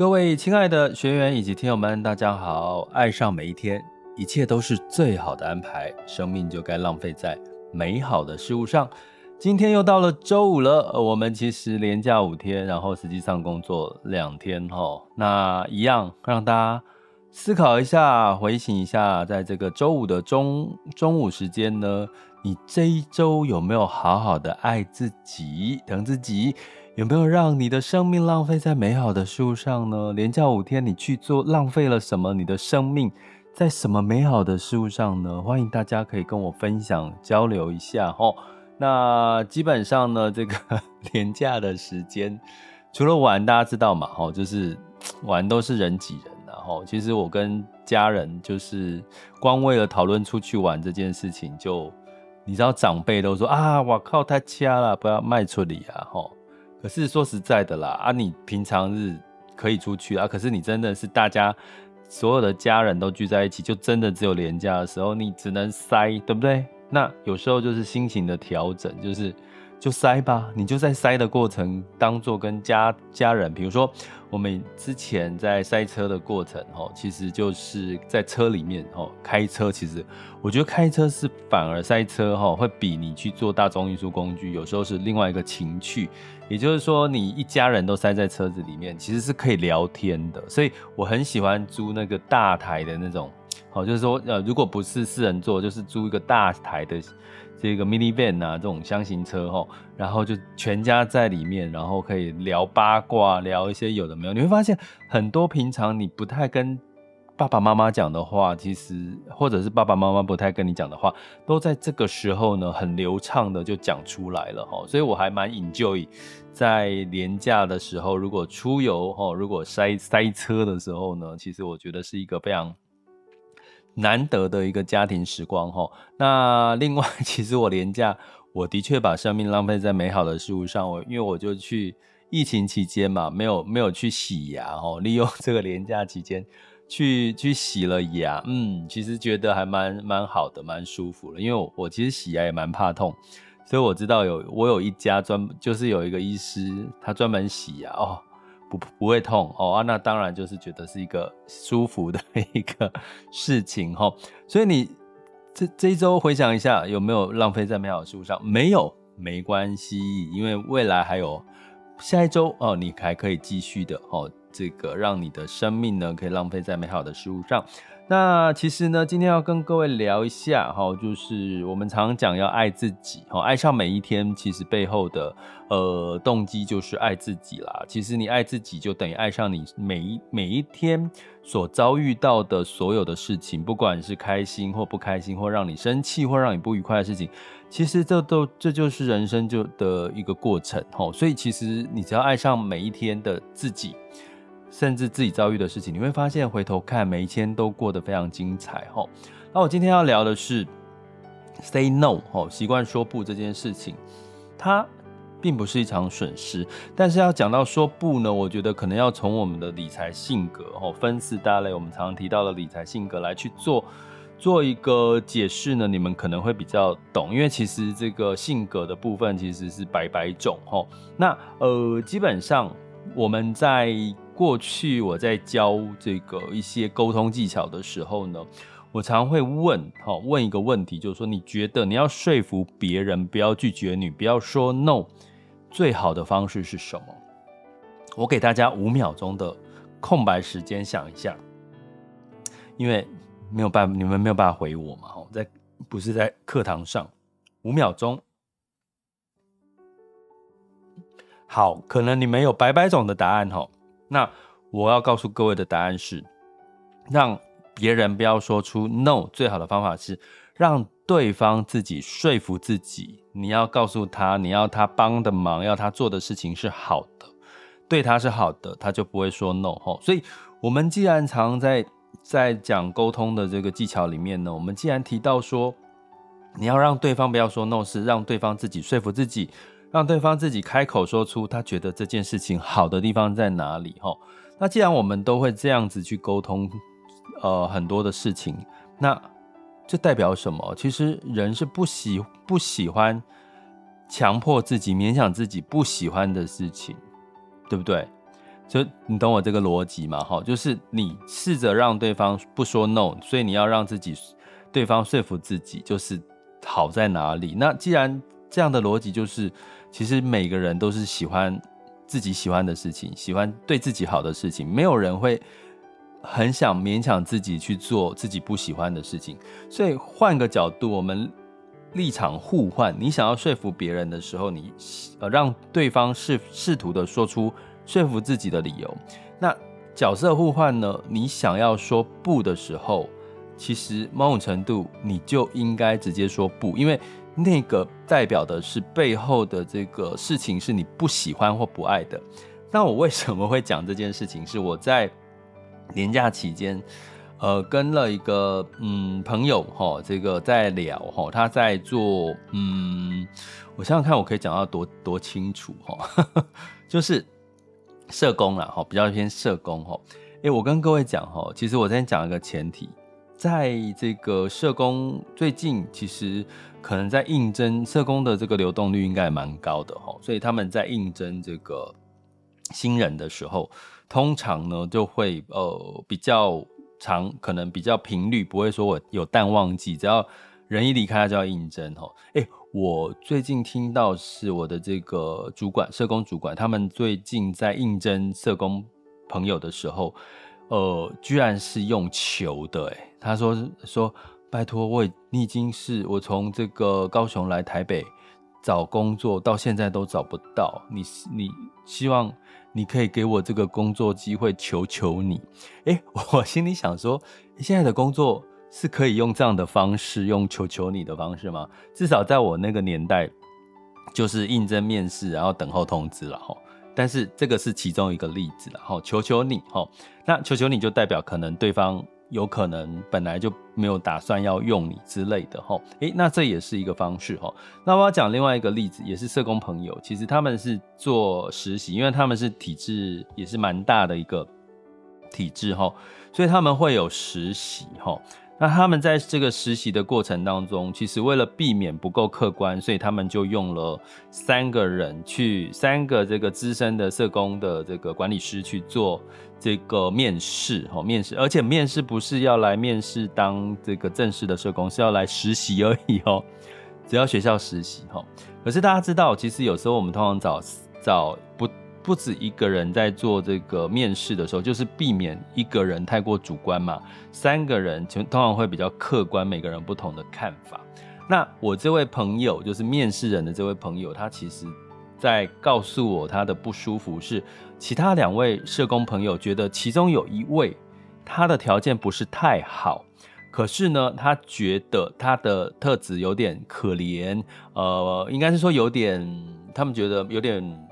各位親愛的學員以及聽友們，大家好！愛上每一天，一切都是最好的安排，生命就該浪費在美好的事物上。今天又到了週五了，我們其實連假五天，然後實際上工作兩天哈、哦。那一樣，讓大家思考一下，回想一下，在這個週五的中中午時間呢？你這一週有沒有好好的愛自己、疼自己？有沒有讓你的生命浪費在美好的事物上呢？連假五天，你去做浪費了什麼？你的生命在什麼美好的事物上呢？歡迎大家可以跟我分享、交流一下哦。那基本上呢，這個連 假的時間，除了玩，大家知道嘛？哦，就是玩都是人擠人、啊，然後其實我跟家人就是光為了討論出去玩這件事情就。你知道長輩都說啊，我靠，太差了，不要賣出來啊，吼。可是說實在的啦，啊，你平常日可以出去啊，可是你真的是大家所有的家人都聚在一起，就真的只有年假的時候，你只能塞，對不對？那有時候就是心情的調整，就是。就塞吧，你就在塞的過程，當作跟家家人，比如說我們之前在塞車的過程，其實就是在車裡面，開車其實，我覺得開車是反而塞車，會比你去做大眾運輸工具，有時候是另外一個情趣。也就是說，你一家人都塞在車子裡面，其實是可以聊天的。所以我很喜歡租那個大台的那種，好，就是說，呃，如果不是四人座，就是租一個大台的。這個 mini van 啊，這種廂型車哈，然後就全家在裡面，然後可以聊八卦，聊一些有的沒有，你會發現很多平常你不太跟爸爸媽媽講的話，其實或者是爸爸媽媽不太跟你講的話，都在這個時候呢，很流暢的就講出來了哈。所以我還蠻 enjoy 在年假的時候，如果出遊哈，如果塞塞車的時候呢，其實我覺得是一個非常難得的一個家庭時光齁，那另外其實我連假，我的確把生命浪費在美好的事物上。我因為我就去疫情期間嘛，沒有沒有去洗牙齁，利用這個連假期間去去洗了牙，嗯,其實覺得還蠻蠻好的，蠻舒服的，因為我我其實洗牙也蠻怕痛，所以我知道有我有一家專就是有一個醫師，他專門洗牙哦，不不會痛哦啊，那當然就是覺得是一個舒服的一個事情哈。所以你這這一周回想一下，有沒有浪費在美好的事物上？沒有，沒關係，因為未來還有下一周哦，你還可以繼續的哦。這個讓你的生命呢，可以浪費在美好的事物上。那其實呢，今天要跟各位聊一下哈，就是我們常常講要愛自己哈，愛上每一天，其實背後的呃動機就是愛自己啦。其實你愛自己，就等於愛上你每一每一天所遭遇到的所有的事情，不管是開心或不開心，或讓你生氣或讓你不愉快的事情，其實這都這就是人生就的一個過程。所以其實你只要愛上每一天的自己。甚至自己遭遇的事情，你會發現回頭看每一天都過得非常精彩。吼，那我今天要聊的是 “say no” 吼，習慣說不這件事情，它並不是一場損失。但是要講到說不呢，我覺得可能要從我們的理財性格吼，分四大類，我們常常提到的理財性格來去做做一個解釋呢，你們可能會比較懂，因為其實這個性格的部分其實是百百種吼。那呃，基本上我們在過去我在教這個一些溝通技巧的時候呢，我常會問，哈，問一個問題，就是說，你覺得你要說服別人不要拒絕你，不要說 no，最好的方式是什麼？我給大家五秒鐘的空白時間想一下，因為沒有辦法，你們沒有辦法回我嘛，哈，在，不是在課堂上，五秒鐘，好，可能你們有百百種的答案，哈。那我要告訴各位的答案是，讓別人不要說出 “no”，最好的方法是讓對方自己說服自己。你要告訴他，你要他幫的忙，要他做的事情是好的，對他是好的，他就不會說 “no” 吼。所以，我們既然常在在講溝通的這個技巧裡面呢，我們既然提到說，你要讓對方不要說 “no”，是讓對方自己說服自己。讓對方自己開口說出他覺得這件事情好的地方在哪裡，那既然我們都會這樣子去溝通，呃，很多的事情，那這代表什麼？其實人是不喜不喜歡強迫自己、勉強自己不喜歡的事情，對不對？所以你懂我這個邏輯嘛，哈。就是你試着讓對方不說 no，所以你要讓自己對方說服自己，就是好在哪裡。那既然這樣的邏輯就是。其實每個人都是喜歡自己喜歡的事情，喜歡對自己好的事情。沒有人會很想勉強自己去做自己不喜歡的事情。所以換個角度，我們立場互換，你想要說服別人的時候，你呃讓對方試試圖的說出說服自己的理由。那角色互換呢？你想要說不的時候，其實某種程度你就應該直接說不，因為。那個代表的是背後的這個事情是你不喜歡或不愛的。那我為什麼會講這件事情？是我在年假期間，呃，跟了一個嗯朋友哈、喔，這個在聊哈、喔，他在做嗯，我想想看我可以講到多多清楚哈，就是社工啦，哈，比較偏社工哈。誒、欸，我跟各位講哈，其實我先講一個前提。在這個社工最近，其實可能在應徵社工的這個流動率應該也蠻高的、哦，所以他們在應徵這個新人的時候，通常呢就會呃比較常，可能比較頻率不會說我有淡旺季，只要人一離開，他就要應徵、哦、哎，我最近聽到是我的這個主管社工主管，他們最近在應徵社工朋友的時候。呃，居然是用求的，誒他說說，拜託我，你已經是我從這個高雄來台北找工作，到現在都找不到你，你希望你可以給我這個工作機會，求求你，誒、欸，我心裡想說，現在的工作是可以用這樣的方式，用求求你的方式嗎？至少在我那個年代，就是應徵面試，然後等候通知了，吼。但是這個是其中一個例子了，吼，求求你，吼，那求求你就代表可能對方有可能本來就沒有打算要用你之類的，吼，誒，那這也是一個方式，吼。那我要講另外一個例子，也是社工朋友，其實他們是做實習，因為他們是體制也是蠻大的一個體制，吼，所以他們會有實習，吼。那他們在這個實習的過程當中，其實為了避免不夠客觀，所以他們就用了三個人去，三個這個資深的社工的這個管理師去做這個面試，哦，面試，而且面試不是要來面試當這個正式的社工，是要來實習而已哦、喔，只要學校實習，哈。可是大家知道，其實有時候我們通常找找不。不止一個人在做這個面試的時候，就是避免一個人太過主觀嘛。三個人就通常會比較客觀，每個人不同的看法。那我這位朋友，就是面試人的這位朋友，他其實在告訴我他的不舒服是，其他兩位社工朋友覺得其中有一位他的條件不是太好，可是呢，他覺得他的特質有點可憐，呃，應該是說有點，他們覺得有點。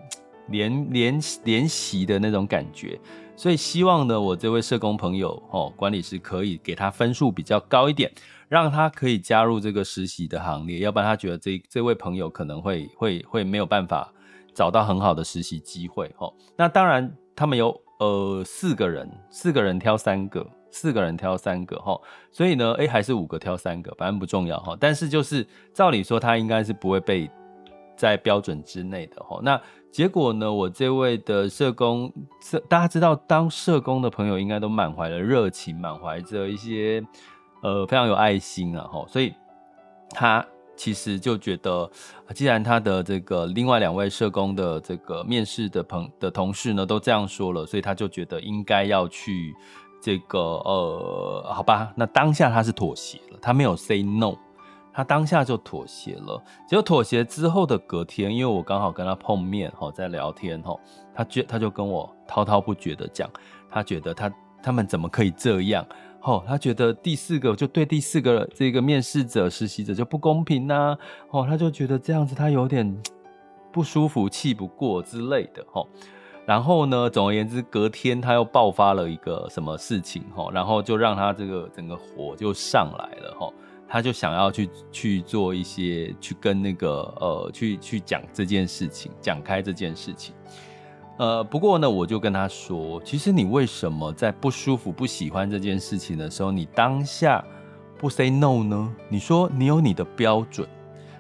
練練練習的那種感覺，所以希望呢，我這位社工朋友哦，管理師可以給他分數比較高一點，讓他可以加入這個實習的行列，要不然他覺得這這位朋友可能會會會沒有辦法找到很好的實習機會哦。那當然，他們有呃四個人，四個人挑三個，四個人挑三個哈，所以呢，哎、欸、還是五個挑三個，反正不重要哈。但是就是照理說，他應該是不會被。在標準之內的吼，那結果呢？我這位的社工，大家知道，當社工的朋友應該都滿懷了熱情，滿懷着一些呃非常有愛心啊吼，所以他其實就覺得，既然他的這個另外兩位社工的這個面試的朋的同事呢都這樣說了，所以他就覺得應該要去這個呃好吧，那當下他是妥協了，他沒有 say no。他當下就妥協了。結果妥協之後的隔天，因為我剛好跟他碰面，吼，在聊天，吼，他就他就跟我滔滔不絕的講，他覺得他他們怎麼可以這樣，吼，他覺得第四個就對第四個這個面試者、實習者就不公平吶、啊，吼，他就覺得這樣子他有點不舒服、氣不過之類的，吼。然後呢，總而言之，隔天他又爆發了一個什麼事情，吼，然後就讓他這個整個火就上來了，吼。他就想要去去做一些，去跟那個呃，去去講這件事情，講開這件事情。呃，不過呢，我就跟他說，其實你為什麼在不舒服、不喜歡這件事情的時候，你當下不 say no 呢？你說你有你的標準。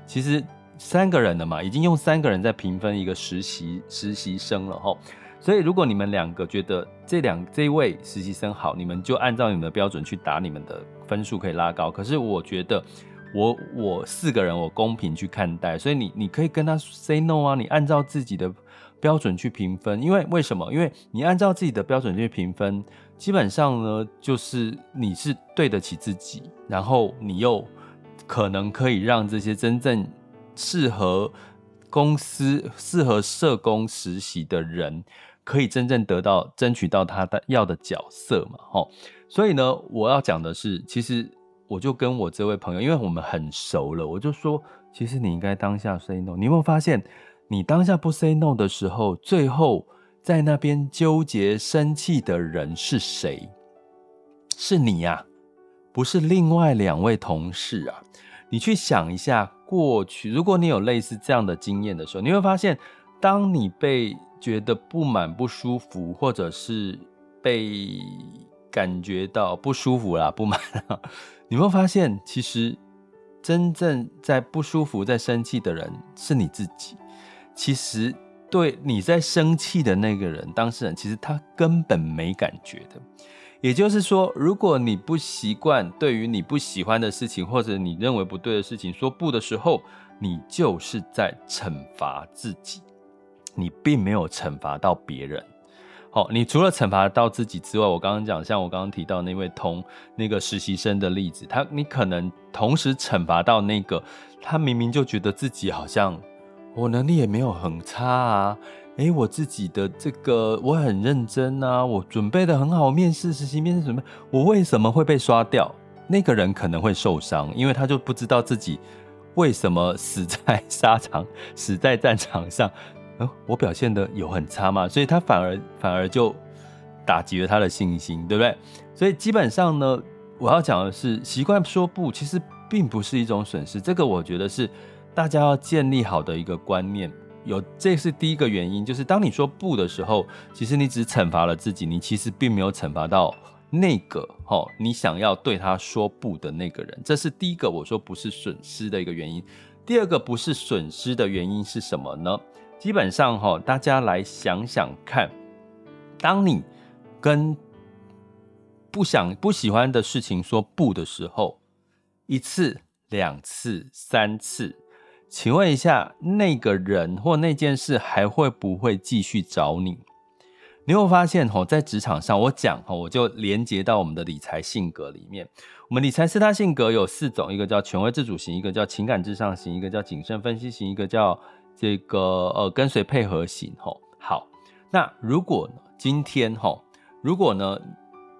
其實三個人了嘛，已經用三個人在評分一個實習實習生了吼，所以如果你們兩個覺得這兩這位實習生好，你們就按照你們的標準去打你們的。分數可以拉高，可是我覺得我，我我四個人我公平去看待，所以你你可以跟他 say no 啊，你按照自己的標準去評分，因為為什麼？因為你按照自己的標準去評分，基本上呢，就是你是對得起自己，然後你又可能可以讓這些真正適合公司、適合社工實習的人，可以真正得到，爭取到他的要的角色嘛，齁。所以呢，我要講的是，其實我就跟我這位朋友，因為我們很熟了，我就說，其實你應該當下 say no。你有沒有發現，你當下不 say no 的時候，最後在那邊糾結生氣的人是誰？是你呀，不是另外兩位同事啊。你去想一下過去，如果你有類似這樣的經驗的時候，你會發現，當你被覺得不滿、不舒服，或者是被……感覺到不舒服啦，不滿啦，你會發現，其實真正在不舒服、在生氣的人是你自己。其實對你在生氣的那個人，當事人，其實他根本沒感覺的。也就是說，如果你不習慣對於你不喜歡的事情或者你認為不對的事情說不的時候，你就是在懲罰自己，你並沒有懲罰到別人。你除了懲罰到自己之外，我剛剛講，像我剛剛提到那位同那個實習生的例子，他你可能同時懲罰到那個他，明明就覺得自己好像我能力也沒有很差啊，誒、欸，我自己的這個我很認真啊，我準備的很好，面試實習面試什麼，我為什麼會被刷掉？那個人可能會受傷，因為他就不知道自己為什麼死在沙場，死在戰場上。呃，我表現得有很差嗎？所以他反而反而就打擊了他的信心，對不對？所以基本上呢，我要講的是，習慣說不其實並不是一種損失。這個我覺得是大家要建立好的一個觀念。有，這是第一個原因，就是當你說不的時候，其實你只懲罰了自己，你其實並沒有懲罰到那個齁，你想要對他說不的那個人。這是第一個，我說不是損失的一個原因。第二個不是損失的原因是什麼呢？基本上哈，大家來想想看，當你跟不想不喜歡的事情說不的時候，一次、兩次、三次，請問一下，那個人或那件事還會不會繼續找你？你有，有發現哈，在職場上，我講哈，我就連接到我們的理財性格裡面，我們理財四大性格有四種，一個叫權威自主型，一個叫情感至上型，一個叫謹慎分析型，一個叫。這個呃跟隨配合型哦，好，那如果今天哦，如果呢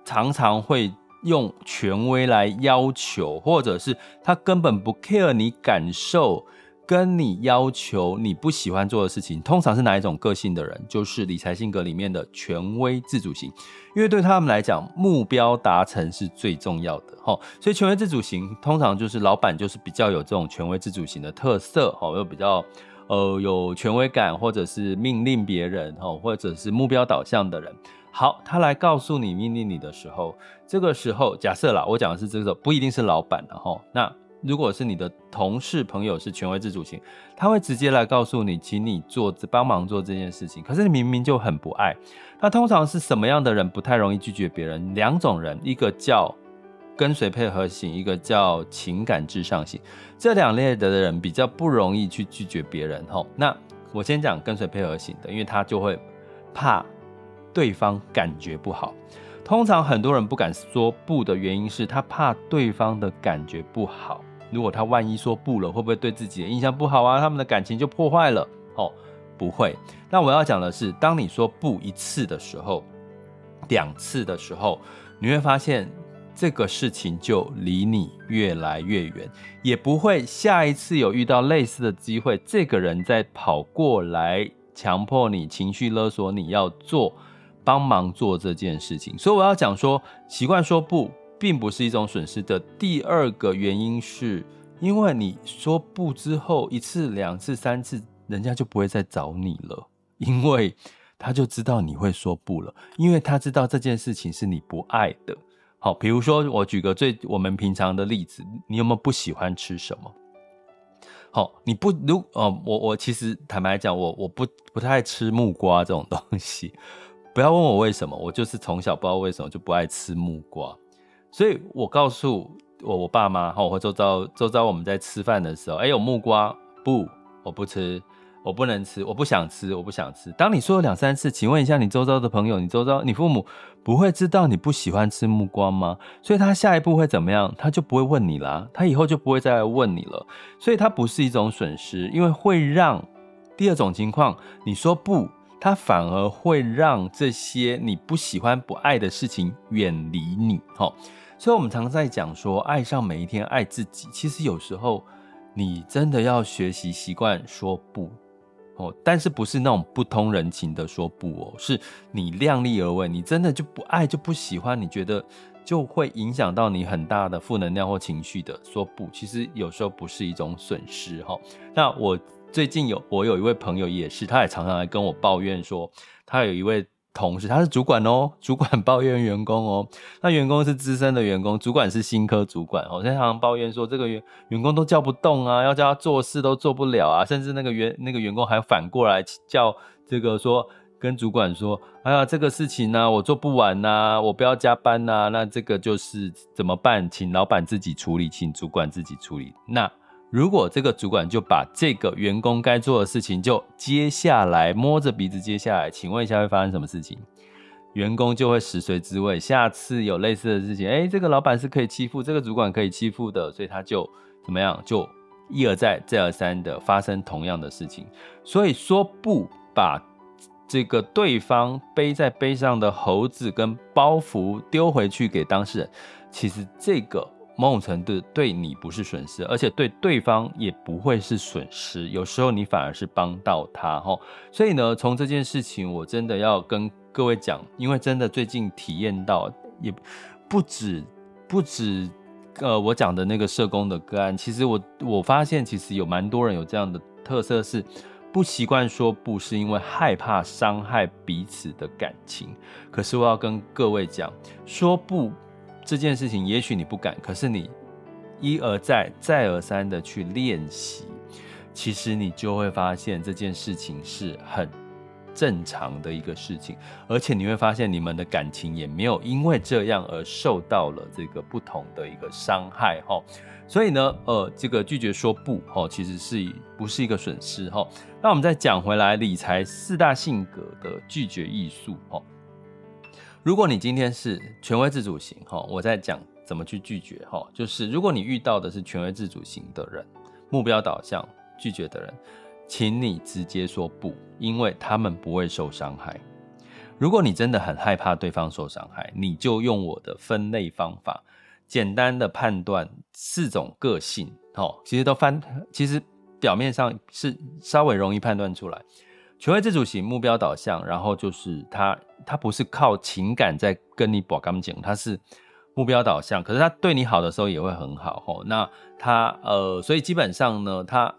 常常會用權威來要求，或者是他根本不 care 你感受，跟你要求你不喜歡做的事情，通常是哪一種個性的人？就是理財性格裡面的權威自主型，因為對他們來講，目標達成是最重要的哦，所以權威自主型通常就是老板就是比較有這種權威自主型的特色哦，又比較。呃，有權威感，或者是命令別人，哦，或者是目標導向的人，好，他來告訴你，命令你的時候，這個時候，假設啦，我講的是這個時候，不一定是老闆的，啊，那如果是你的同事、朋友是權威自主型，他會直接來告訴你，請你做這幫忙做這件事情，可是你明明就很不愛，那通常是什麼樣的人不太容易拒絕別人？兩種人，一個叫。跟隨配合型，一個叫情感至上型，這兩類的人比較不容易去拒絕別人。那我先講跟隨配合型的，因為他就會怕對方感覺不好。通常很多人不敢說不的原因是他怕對方的感覺不好。如果他萬一說不了，會不會對自己的印象不好啊？他們的感情就破壞了。哦，不會。那我要講的是，當你說不一次的時候，兩次的時候，你會發現。這個事情就離你越來越遠，也不會下一次有遇到類似的機會。這個人再跑過來強迫你、情緒勒索你要做、幫忙做這件事情。所以我要講說，習慣說不，並不是一種損失的。第二個原因是因為你說不之後，一次、兩次、三次，人家就不會再找你了，因為他就知道你會說不了，因為他知道這件事情是你不愛的。好，比如說我舉個最我們平常的例子，你有沒有不喜歡吃什麼？好，你不如哦、呃，我我其實坦白講，我我不不太愛吃木瓜這種東西。不要問我為什麼，我就是從小不知道為什麼就不愛吃木瓜。所以我告訴我我爸媽，哈、哦，我會周遭周遭我們在吃飯的時候，哎、欸，有木瓜，不，我不吃。我不能吃，我不想吃，我不想吃。當你說了兩三次，請問一下你周遭的朋友，你周遭你父母不會知道你不喜歡吃木瓜嗎？所以他下一步會怎麼樣？他就不會問你啦，啊，他以後就不會再問你了。所以它不是一種損失，因為會讓第二種情況你說不，他反而會讓這些你不喜歡不愛的事情遠離你。所以我們常常在講說愛上每一天，愛自己。其實有時候你真的要學習習慣說不。哦，但是不是那種不通人情的說不哦，是你量力而為，你真的就不愛就不喜歡，你覺得就會影響到你很大的負能量或情緒的說不，其實有時候不是一種損失哈。那我最近有，我有一位朋友也是，他也常常來跟我抱怨說，他有一位。同事，他是主管哦，主管抱怨員工哦，那員工是資深的員工，主管是新科主管哦，他常常抱怨說這個員員工都叫不動啊，要叫他做事都做不了啊，甚至那個員那個員工還反過來叫這個說跟主管說，哎呀，這個事情呢我做不完吶，我不要加班吶，那這個就是怎麼辦，請老闆自己處理，請主管自己處理，那，如果這個主管就把這個員工該做的事情就接下來，摸着鼻子接下來，請問一下會發生什麼事情？員工就會食髓知味。下次有類似的事情，哎，這個老板是可以欺負，這個主管可以欺負的，所以他就怎麼樣，就一而再，再而三的發生同樣的事情。所以說不把這個對方背在背上的猴子跟包袱丟回去給當事人，其實這個。某種程度對你不是損失，而且對對方也不會是損失。有時候你反而是幫到他哈。所以呢，從這件事情，我真的要跟各位講，因為真的最近體驗到，也不止不止呃，我講的那個社工的個案。其實我我發現，其實有蠻多人有這樣的特色，是不習慣說不，是因為害怕傷害彼此的感情。可是我要跟各位講，說不。這件事情也許你不敢，可是你一而再、再而三的去練習，其實你就會發現這件事情是很正常的一個事情，而且你會發現你們的感情也沒有因為這樣而受到了這個不同的一個傷害哈。所以呢，呃，這個拒絕說不哦，其實是不是一個損失哈。那我們再講回來，理財四大性格的拒絕藝術哦。如果你今天是權威自主型，哈，我在講怎麼去拒絕，哈，就是如果你遇到的是權威自主型的人，目標導向拒絕的人，請你直接說不，因為他們不會受傷害。如果你真的很害怕對方受傷害，你就用我的分類方法，簡單的判斷四種個性，哈，其實都翻，其實表面上是稍微容易判斷出來。權威自主型，目標導向，然後就是他，他不是靠情感在跟你搏感情，他是目標導向。可是他對你好的時候也會很好，那他呃，所以基本上呢，他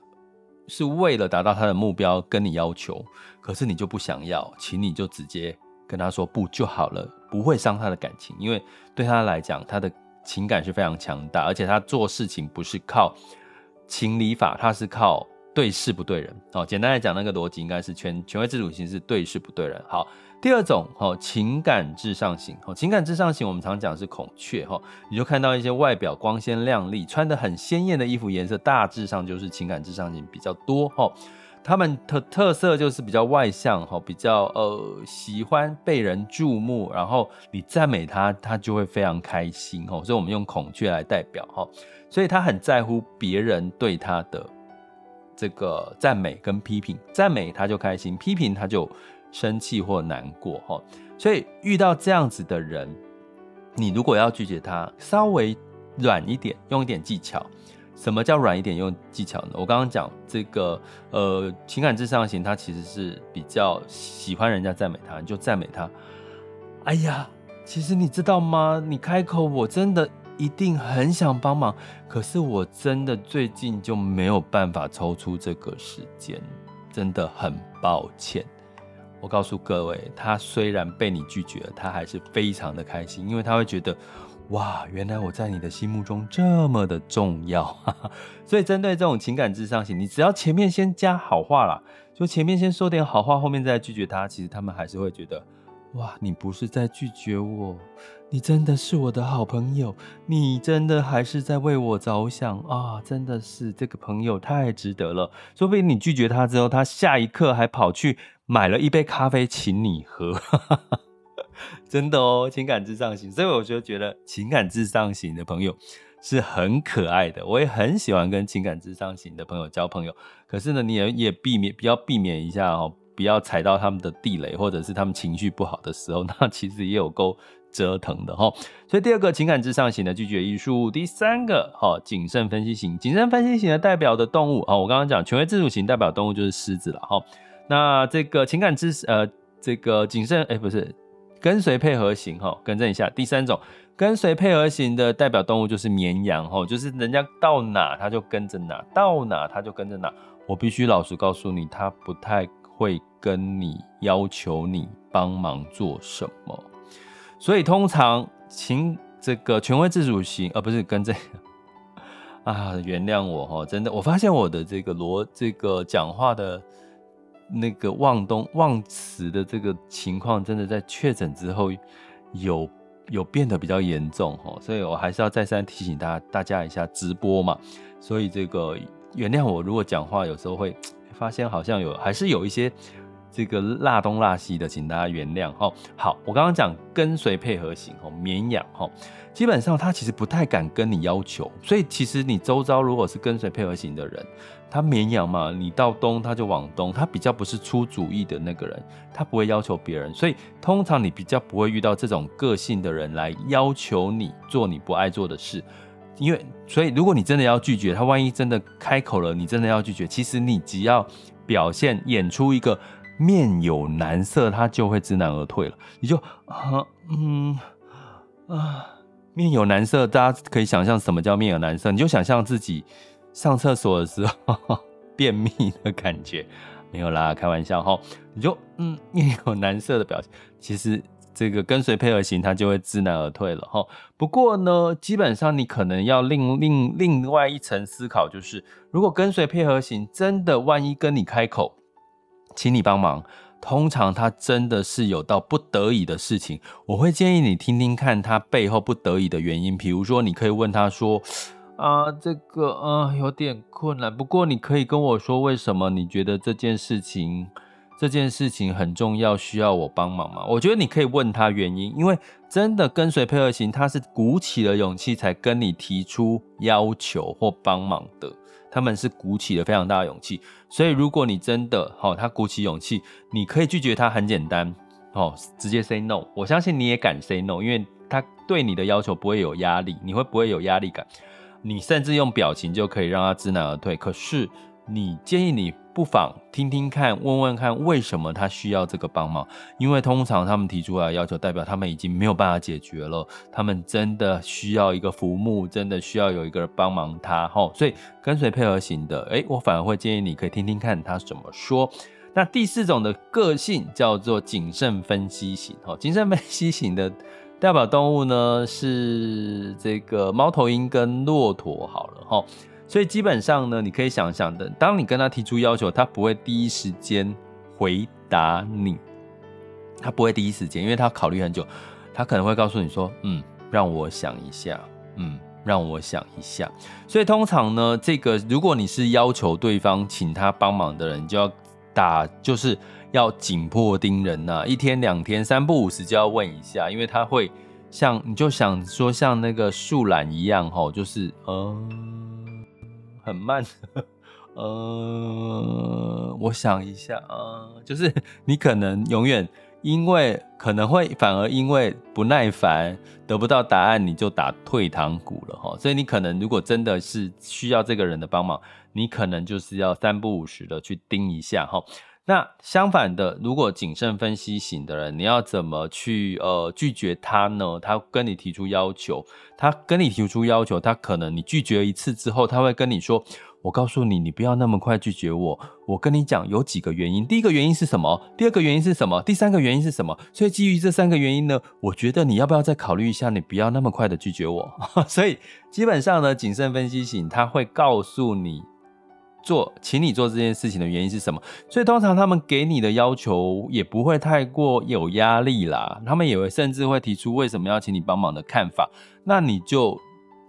是為了達到他的目標跟你要求，可是你就不想要，請你就直接跟他說不就好了，不會傷他的感情，因為對他來講，他的情感是非常強大，而且他做事情不是靠情理法，他是靠。對事不對人，哦，簡單來講，那個邏輯應該是權權威自主型是對事不對人。好，第二種，哈，情感至上型，哈，情感至上型，我們常講是孔雀，哈，你就看到一些外表光鮮亮麗、穿得很鮮豔的衣服，顏色大致上就是情感至上型比較多，哈，他們的特色就是比較外向，哈，比較呃喜歡被人注目，然後你讚美他，他就會非常開心，哈，所以我們用孔雀來代表，哈，所以他很在乎別人對他的。這個讚美跟批評，讚美他就開心，批評他就生氣或難過哦，所以遇到這樣子的人，你如果要拒絕他，稍微軟一點，用一點技巧。什麼叫軟一點用技巧呢？我剛剛講這個，呃，情感至上型，他其實是比較喜歡人家讚美他，你就讚美他。哎呀，其實你知道嗎？你開口，我真的，一定很想幫忙，可是我真的最近就沒有辦法抽出這個時間，真的很抱歉。我告訴各位，他雖然被你拒絕了，他還是非常的開心，因為他會覺得，哇，原來我在你的心目中這麼的重要。 所以針對這種情感至上型，你只要前面先加好話啦，就前面先說點好話，後面再拒絕他，其實他們還是會覺得，哇，你不是在拒絕我。你真的是我的好朋友，你真的還是在為我着想啊！真的是這個朋友太值得了。說不定你拒絕他之後，他下一刻還跑去買了一杯咖啡請你喝， 真的哦、喔，情感至上型。所以我就覺得情感至上型的朋友是很可愛的，我也很喜歡跟情感至上型的朋友交朋友。可是呢，你也也避免，比較避免一下哦、喔，不要踩到他們的地雷，或者是他們情緒不好的時候，那其實也有夠。折騰的哈，所以第二個情感至上型的拒絕藝術。第三個哈，謹慎分析型，謹慎分析型的代表的動物啊，我剛剛講權威自主型代表動物就是獅子了哈。那這個情感之呃這個謹慎哎、欸、不是跟隨配合型哈，更正一下，第三種跟隨配合型的代表動物就是綿羊哈，就是人家到哪他就跟着哪，到哪他就跟着哪。我必須老實告訴你，他不太會跟你要求你幫忙做什麼。所以通常請這個權威自主型啊，不是跟這個，啊，原諒我，真的，我發現我的這個邏這個講話的那個忘東忘詞的這個情況，真的在確診之後有有變得比較嚴重，所以我還是要再三提醒大家大家一下直播嘛，所以這個原諒我，如果講話有時候會發現好像有還是有一些。這個拉東拉西的，請大家原諒哈。好，我剛剛講跟隨配合型哦，綿羊哈，基本上他其實不太敢跟你要求，所以其實你周遭如果是跟隨配合型的人，他綿羊嘛，你到東他就往東，他比較不是出主意的那個人，他不會要求別人，所以通常你比較不會遇到這種個性的人來要求你做你不愛做的事，因為所以如果你真的要拒絕，他萬一真的開口了，你真的要拒絕，其實你只要表現演出一個。面有難色，他就會知難而退了。你就，哈、啊，嗯，啊，面有難色，大家可以想象什麼叫面有難色，你就想象自己上廁所的時候呵呵便秘的感覺，沒有啦，開玩笑哈。你就，嗯，面有難色的表情，其實這個跟隨配合型他就會知難而退了哈。不過呢，基本上你可能要另另另外一層思考，就是如果跟隨配合型真的萬一跟你開口。請你幫忙，通常他真的是有到不得已的事情，我會建議你聽聽看他背後不得已的原因。比如說，你可以問他說：“啊，這個，嗯、啊，有點困難。”不過，你可以跟我說為什麼你覺得這件事情，這件事情很重要，需要我幫忙嗎？我覺得你可以問他原因，因為真的跟隨配合型，他是鼓起了勇氣才跟你提出要求或幫忙的。他們是鼓起了非常大的勇氣，所以如果你真的吼、哦、他鼓起勇氣，你可以拒絕他，很簡單，吼、哦，直接 say no。我相信你也敢 say no，因為他對你的要求不會有壓力，你會不會有壓力感？你甚至用表情就可以讓他知難而退。可是。你建議你不妨聽聽看，問問看為什麼他需要這個幫忙，因為通常他們提出來要求，代表他們已經沒有辦法解決了，他們真的需要一個服務，真的需要有一個人幫忙他，哈，所以跟隨配合型的，哎、欸，我反而會建議你可以聽聽看他怎麼說。那第四種的個性叫做謹慎分析型，哈，謹慎分析型的代表動物呢是這個貓頭鷹跟駱駝，好了，哈。所以基本上呢，你可以想想的，當你跟他提出要求，他不會第一時間回答你，他不會第一時間，因為他考慮很久，他可能會告訴你說：“嗯，讓我想一下，嗯，讓我想一下。”所以通常呢，這個如果你是要求對方請他幫忙的人，就要打，就是要緊迫盯人吶、啊，一天兩天三不五時就要問一下，因為他會像你就想說像那個樹懶一樣、喔，哈，就是嗯。很慢，嗯、呃、我想一下，啊、呃，就是你可能永遠因為可能會反而因為不耐煩得不到答案，你就打退堂鼓了哈。所以你可能如果真的是需要這個人的幫忙，你可能就是要三不五時的去盯一下哈。那相反的，如果謹慎分析型的人，你要怎麼去呃拒絕他呢？他跟你提出要求，他跟你提出要求，他可能你拒絕一次之後，他會跟你說：“我告訴你，你不要那麼快拒絕我。我跟你講，有幾個原因。第一個原因是什麼？第二個原因是什麼？第三個原因是什麼？所以基於這三個原因呢，我覺得你要不要再考慮一下，你不要那麼快的拒絕我。 所以基本上呢，謹慎分析型他會告訴你。做，請你做這件事情的原因是什麼？所以通常他們給你的要求也不會太過有壓力啦。他們也會甚至會提出為什麼要請你幫忙的看法，那你就。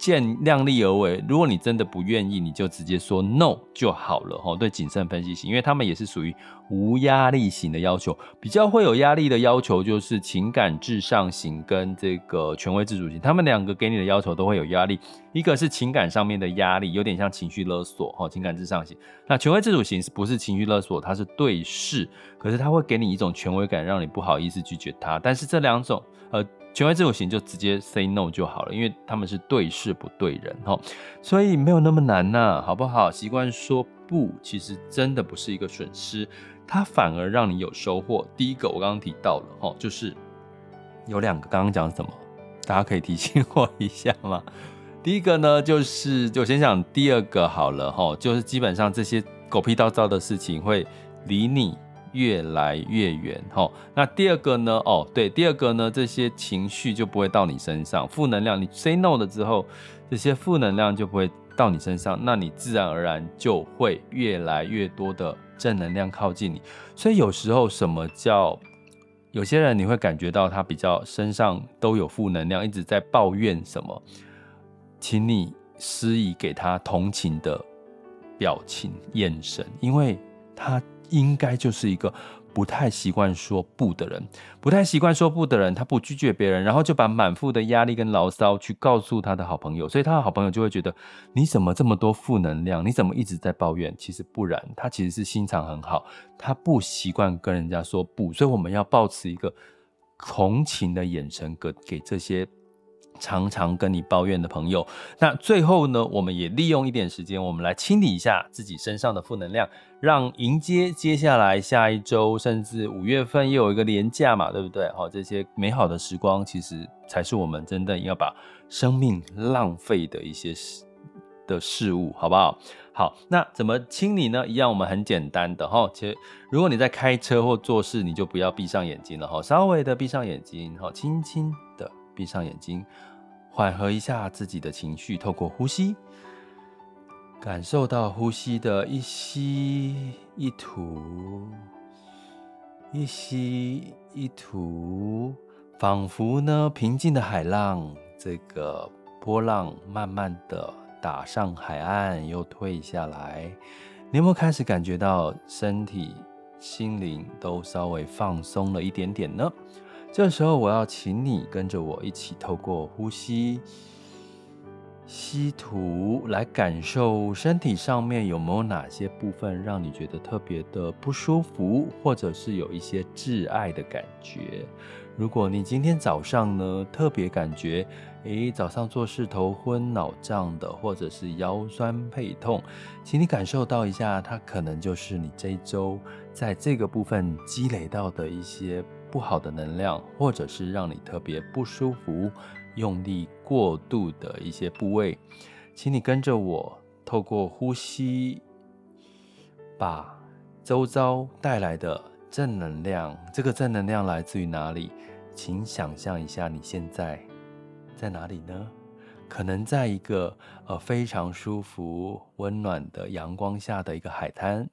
見量力而為，如果你真的不願意，你就直接說 no 就好了吼。對，謹慎分析型，因為他們也是屬於無壓力型的要求，比較會有壓力的要求就是情感至上型跟這個權威自主型，他們兩個給你的要求都會有壓力。一個是情感上面的壓力，有點像情緒勒索吼，情感至上型。那權威自主型不是情緒勒索，它是對事，可是它會給你一種權威感，讓你不好意思拒絕它。但是這兩種呃。權威這種型就直接 say no 就好了，因為他們是對事不對人哈，所以沒有那麼難吶，啊，好不好？習慣說不，其實真的不是一個損失，它反而讓你有收穫。第一個我剛剛提到了哈，就是有兩個剛剛講什麼，大家可以提醒我一下嗎？第一個呢就是，就我先講第二個好了哈，就是基本上這些狗屁倒灶的事情會離你，越來越遠，吼，那第二個呢？哦，對，第二個呢，這些情緒就不會到你身上。負能量，你 say no 了之後，這些負能量就不會到你身上。那你自然而然就會越來越多的正能量靠近你。所以有時候，什麼叫有些人你會感覺到他比較身上都有負能量，一直在抱怨什麼，請你施以給他同情的表情、眼神，因為他。應該就是一個不太習慣說不的人，不太習慣說不的人，他不拒絕別人，然後就把滿腹的壓力跟牢騷去告訴他的好朋友，所以他的好朋友就會覺得你怎麼這麼多負能量？你怎麼一直在抱怨？其實不然，他其實是心腸很好，他不習慣跟人家說不，所以我們要保持一個同情的眼神，給給這些。常常跟你抱怨的朋友，那最後呢，我們也利用一點時間，我們來清理一下自己身上的負能量，讓迎接接下來下一周，甚至五月份又有一個連假嘛，對不對？好，這些美好的時光，其實才是我們真的要把生命浪費的一些事的事物，好不好？好，那怎麼清理呢？一樣，我們很簡單的哈。其實，如果你在開車或做事，你就不要閉上眼睛了哈。稍微的閉上眼睛，哈，輕輕的閉上眼睛。緩和一下自己的情緒，透過呼吸，感受到呼吸的一吸一吐，一吸一吐，仿佛呢，平靜的海浪，這個波浪慢慢地打上海岸，又退下來。你有沒有開始感覺到身體、心靈都稍微放鬆了一點點呢？這時候，我要請你跟着我一起透過呼吸吸吐來感受身體上面有沒有哪些部分讓你覺得特別的不舒服，或者是有一些滯礙的感覺。如果你今天早上呢，特別感覺，誒，早上做事頭昏腦脹的，或者是腰酸背痛，請你感受到一下，它可能就是你這一週在這個部分積累到的一些。不好的能量，或者是讓你特別不舒服、用力過度的一些部位，請你跟着我，透過呼吸，把周遭帶來的正能量。這個正能量來自於哪裡？請想象一下，你現在在哪裡呢？可能在一個呃非常舒服、溫暖的陽光下的一個海灘，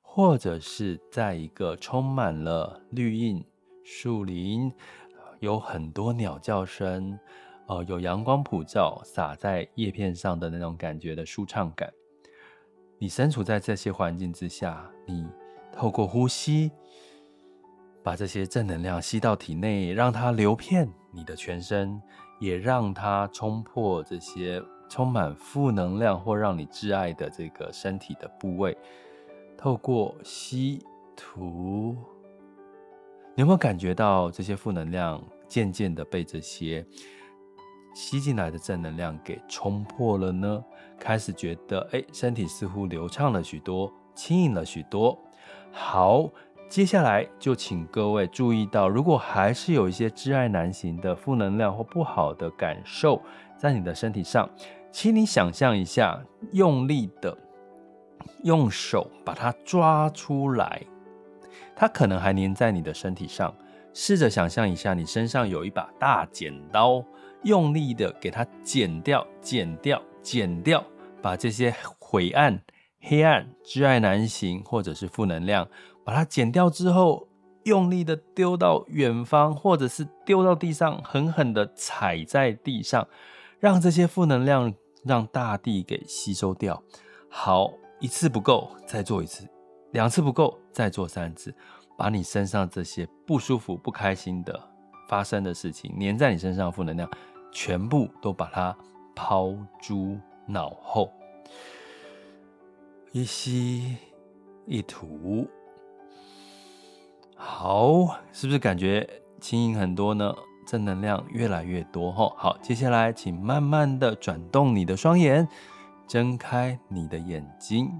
或者是在一個充滿了綠蔭。樹林有很多鳥叫聲，哦，有陽光普照灑在葉片上的那種感覺的舒暢感。你身處在這些環境之下，你透過呼吸把這些正能量吸到體內，讓它流遍你的全身，也讓它衝破這些充滿負能量或讓你摯愛的這個身體的部位，透過吸吐。你有沒有感覺到這些負能量漸漸的被這些吸進來的正能量給衝破了呢？開始覺得，哎、欸，身體似乎流暢了許多，輕盈了許多。好，接下來就請各位注意到，如果還是有一些滯礙難行的負能量或不好的感受在你的身體上，請你想象一下，用力的用手把它抓出來。它可能還粘在你的身體上，試着想象一下，你身上有一把大剪刀，用力的給它剪掉、剪掉、剪掉，把這些晦暗、黑暗、窒礙難行或者是負能量，把它剪掉之後，用力的丟到遠方，或者是丟到地上，狠狠的踩在地上，讓這些負能量讓大地給吸收掉。好，一次不夠，再做一次，兩次不夠。再做三次，把你身上這些不舒服、不開心的、發生的事情，粘在你身上的負能量，全部都把它拋諸腦後。一吸一吐，好，是不是感覺輕盈很多呢？正能量越來越多，吼！好，接下來請慢慢的轉動你的雙眼，睜開你的眼睛。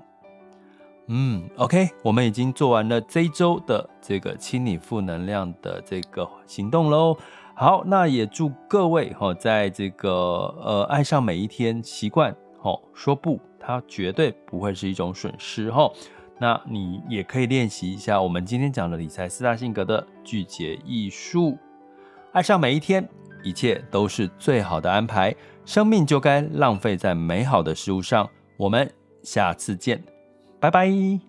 嗯，OK，我們已經做完了這一周的這個清理負能量的這個行動嘍。好，那也祝各位哈，在這個呃，愛上每一天習慣，吼，說不，它絕對不會是一種損失，吼。那你也可以練習一下我們今天講的理財四大性格的拒絕藝術。愛上每一天，一切都是最好的安排，生命就該浪費在美好的事物上。我們下次見。拜拜。